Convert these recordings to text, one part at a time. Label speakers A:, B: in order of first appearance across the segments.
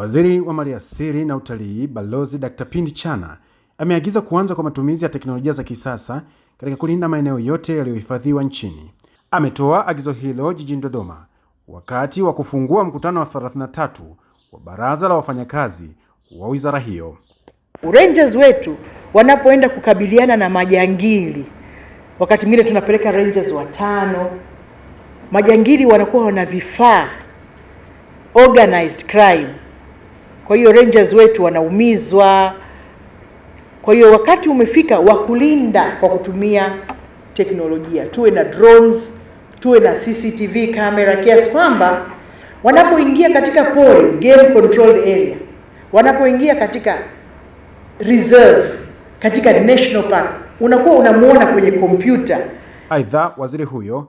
A: Waziri wa Maliasili na Utalii, Balozi Dr. Pindi Chana ameagiza kuanza kwa matumizi ya teknolojia za kisasa katika kulinda maeneo yote yaliyohifadhiwa nchini. Ametoa agizo hilo jijini Dodoma wakati wa kufungua mkutano wa 33 wa Baraza la Wafanyakazi wa Wizara hiyo.
B: Rangers wetu wanapoenda kukabiliana na majangili, wakati mwingine tunapeleka rangers watano. Majangili wanakuwa wana vifaa organized crime kwa hiyo rangers wetu wanaumizwa. Kwa hiyo wakati umefika wa kulinda kwa kutumia teknolojia, tuwe na drones, tuwe na CCTV camera kiasi kwamba wanapoingia katika pori, game controlled area, wanapoingia katika reserve, katika national park, unakuwa unamuona kwenye kompyuta.
A: Aidha, waziri huyo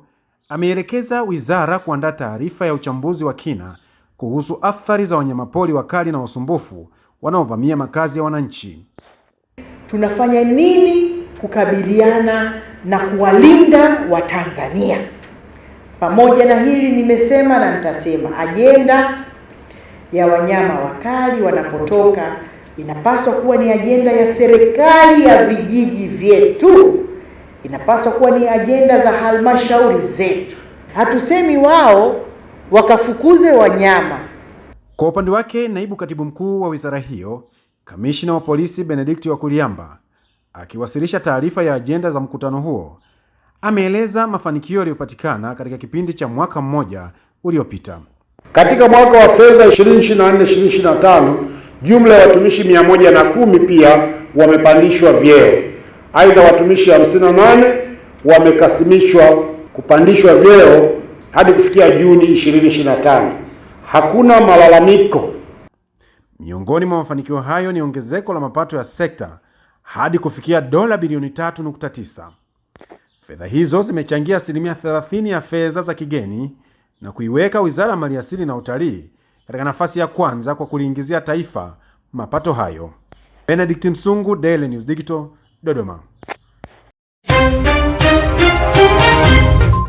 A: ameelekeza wizara kuandaa taarifa ya uchambuzi wa kina kuhusu athari za wanyamapori wakali na wasumbufu wanaovamia makazi ya wananchi.
B: Tunafanya nini kukabiliana na kuwalinda Watanzania? Pamoja na hili nimesema na nitasema, ajenda ya wanyama wakali wanapotoka inapaswa kuwa ni ajenda ya serikali ya vijiji vyetu, inapaswa kuwa ni ajenda za halmashauri zetu. Hatusemi wao wakafukuze wanyama.
A: Kwa upande wake, naibu katibu mkuu wa wizara hiyo, kamishina wa polisi Benedikti Wakuryamba, akiwasilisha taarifa ya ajenda za mkutano huo, ameeleza mafanikio yaliyopatikana katika kipindi cha mwaka mmoja uliopita.
C: Katika mwaka wa fedha 2024/2025 jumla ya watumishi 110 pia wamepandishwa vyeo. Aidha, watumishi 58 wamekasimishwa kupandishwa vyeo hadi kufikia Juni 2025 hakuna malalamiko.
A: Miongoni mwa mafanikio hayo ni ongezeko la mapato ya sekta hadi kufikia dola bilioni 3.9. Fedha hizo zimechangia asilimia 30 ya fedha za kigeni na kuiweka Wizara ya Maliasili na Utalii katika nafasi ya kwanza kwa kuliingizia taifa mapato hayo. Benedict Msungu, Daily News Digital, Dodoma.